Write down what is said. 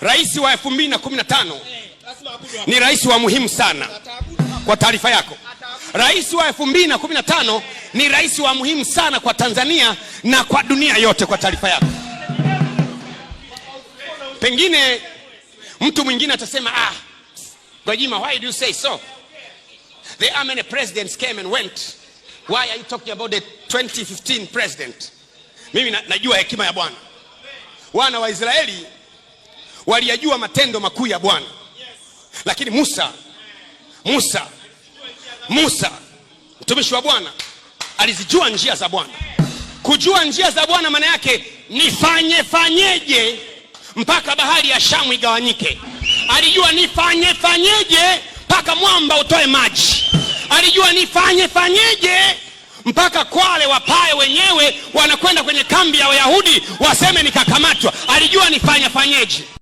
Rais wa 2015 ni rais wa muhimu sana kwa taarifa yako. Rais wa 2015 ni rais wa muhimu sana kwa Tanzania na kwa dunia yote kwa taarifa yako. Pengine mtu mwingine atasema ah, Gwajima, why do you say so? There are many presidents came and went. Why are you talking about the 2015 president? Mimi na, najua hekima ya Bwana. Wana wa Israeli waliyajua matendo makuu ya Bwana, lakini Musa, Musa, Musa mtumishi wa Bwana alizijua njia za Bwana. Kujua njia za Bwana maana yake nifanye fanyeje mpaka bahari ya Shamu igawanyike. Alijua nifanye fanyeje mpaka mwamba utoe maji. Alijua nifanye fanyeje mpaka kwale wapae wenyewe wanakwenda kwenye kambi ya Wayahudi waseme nikakamatwa. Alijua nifanye fanyeje.